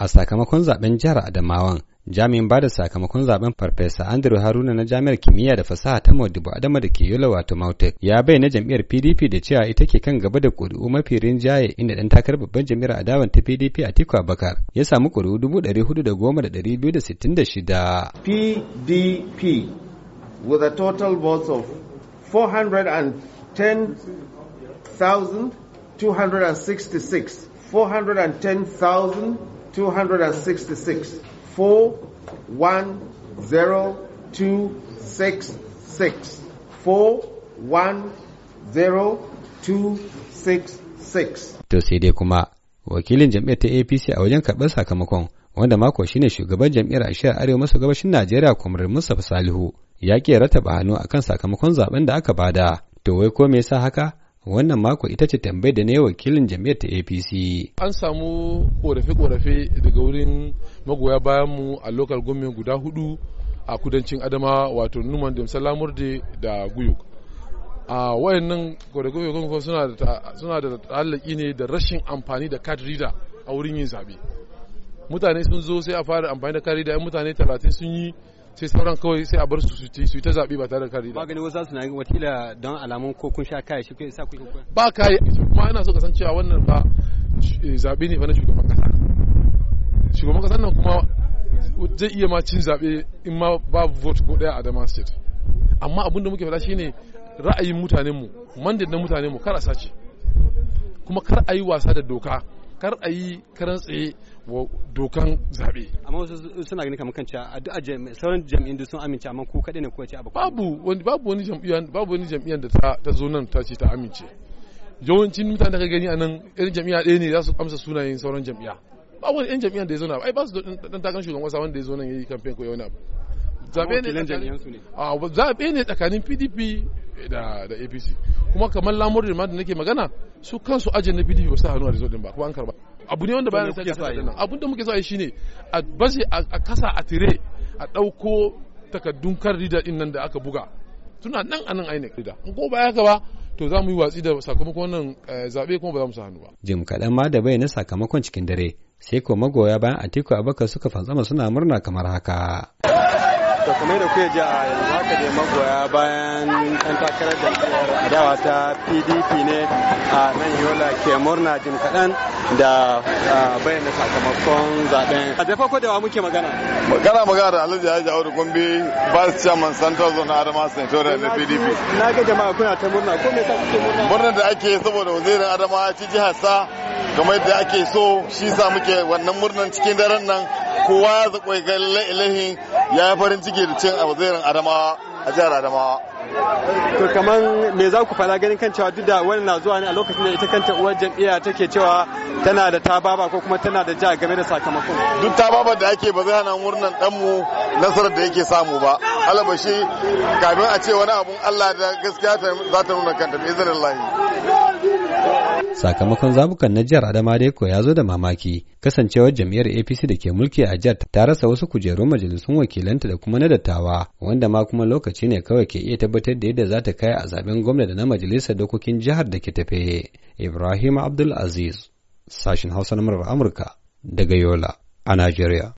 a sakamakon zaben jihar Adamawan jami'in ba da sakamakon zaben farfesa Andrew Haruna na jami'ar kimiyya da fasaha ta Modibo Adama da ke Yola wato Mautek ya bayyana jam'iyyar PDP da cewa ita ke kan gaba da ƙuri'u mafi rinjaye inda dan takarar babban jam'iyyar adawan ta PDP a Tiku Bakar, ya samu ƙuri'u dubu ɗari hudu da goma da ɗari biyu da sittin da shida. PDP with a total votes of 410,266 410,000 266 410 410 To sai dai kuma wakilin jam'iyyar ta APC a wajen karɓar sakamakon wanda mako shi ne shugaban jam'iyyar a arewa maso gabashin Najeriya kwamar Mustapha Salihu ya ke rataba hannu akan sakamakon zaben da aka bada. To wai ko me sa haka? wannan mako ita ce tambayar da ne wakilin jami'ar ta apc an samu korafe-korafe daga wurin magoya bayan mu a lokal gomin guda hudu a kudancin adama wato numan da salamurde da a wayannan korafe-korafe suna da ta'allaki ne da rashin amfani da card reader a wurin yin zabe mutane sun zo sai a fara amfani da kari da yan mutane talatin sun yi sai sauran kawai sai a bar su su yi ta zaɓi ba tare da kari da. Ba gani wasu suna na don alamun ko kun sha kaya shi kai sa kuke kuwa. Ba kai kuma ina so ka san cewa wannan fa eh, zaɓe ne fa na shugaban ƙasa. Shugaban kasa nan kuma zai iya ma cin zaɓe in ma ba vote ko ɗaya a Adama State. Amma abin da muke faɗa shine ra'ayin mutanenmu, mandate na mutanenmu kar a sace. Kuma kar a yi wasa da doka. kar a yi karan tsaye wa dokan zaɓe. amma wasu suna gani kamar kanciya a duk sauran jam'in da sun amince amma ku kaɗai ne ko ce abu babu wani babu wani jam'iyyar babu wani jam'iyyar da ta zo nan ta ce ta amince yawancin mutane da ka gani a nan irin jam'iyya ɗaya ne za su amsa sunayen sauran jam'iyya ba wani yan jam'iyyar da ya zo na ai ba su dan takan shugaban kasa wanda ya zo nan yayi campaign ko yau na zaɓe ne tsakanin pdp da da apc kuma kamar lamurin ma da nake magana su kansu ajin na pdp ba sa hannu a result din ba kuma an karba abu ne wanda bayan sai sa nan abin da muke so shine a baje a kasa a tire a dauko takaddun kan rida din nan da aka buga tuna nan anan ainihin rida in ko baya ka ba to za mu yi watsi da sakamakon wannan eh, zabe kuma ba za mu sa hannu ba. Jim kaɗan ma da bai na sakamakon cikin dare sai ko magoya bayan Atiku Abubakar suka fansama suna murna kamar haka. to kuma da kuke ji a yanzu haka da magoya bayan ɗan takarar da adawa ta pdp ne a nan yola ke murna jim kaɗan da bayyana sakamakon zaɓen. a da farko da wa muke magana magana magana da alhaji haji audu gombe vice chairman central zone adama senatorial na pdp na ga jama'a kuna ta murna ko me ta kuke murna murnar da ake saboda wazirin adama ci jihar sa kamar yadda ake so shi sa muke wannan murnan cikin daren nan kowa ya zaƙo ilahin ya yi farin ciki da cin abu zairin adamawa a jihar adamawa to kamar me za ku fara ganin kan cewa duk da wani na zuwa ne a lokacin da ita kanta uwar jam'iyya take cewa tana da baba ko kuma tana da ja game da sakamakon duk tababar da ake ba zai hana murnan mu nasarar da yake samu ba alabashi kafin a ce wani abun Allah da gaskiya za ta nuna kanta bi izinin sakamakon zabukan na jihar adama dai ya zo da mamaki kasancewar jam'iyyar apc da ke mulki a jihar ta rasa wasu kujerun majalisun wakilanta da kuma na dattawa wanda ma kuma lokaci ne kawai ke iya tabbatar da yadda za ta kai a zaben gwamna da na majalisar dokokin jihar da ke tafe ibrahim abdul aziz sashin hausa na amurka daga yola a najeriya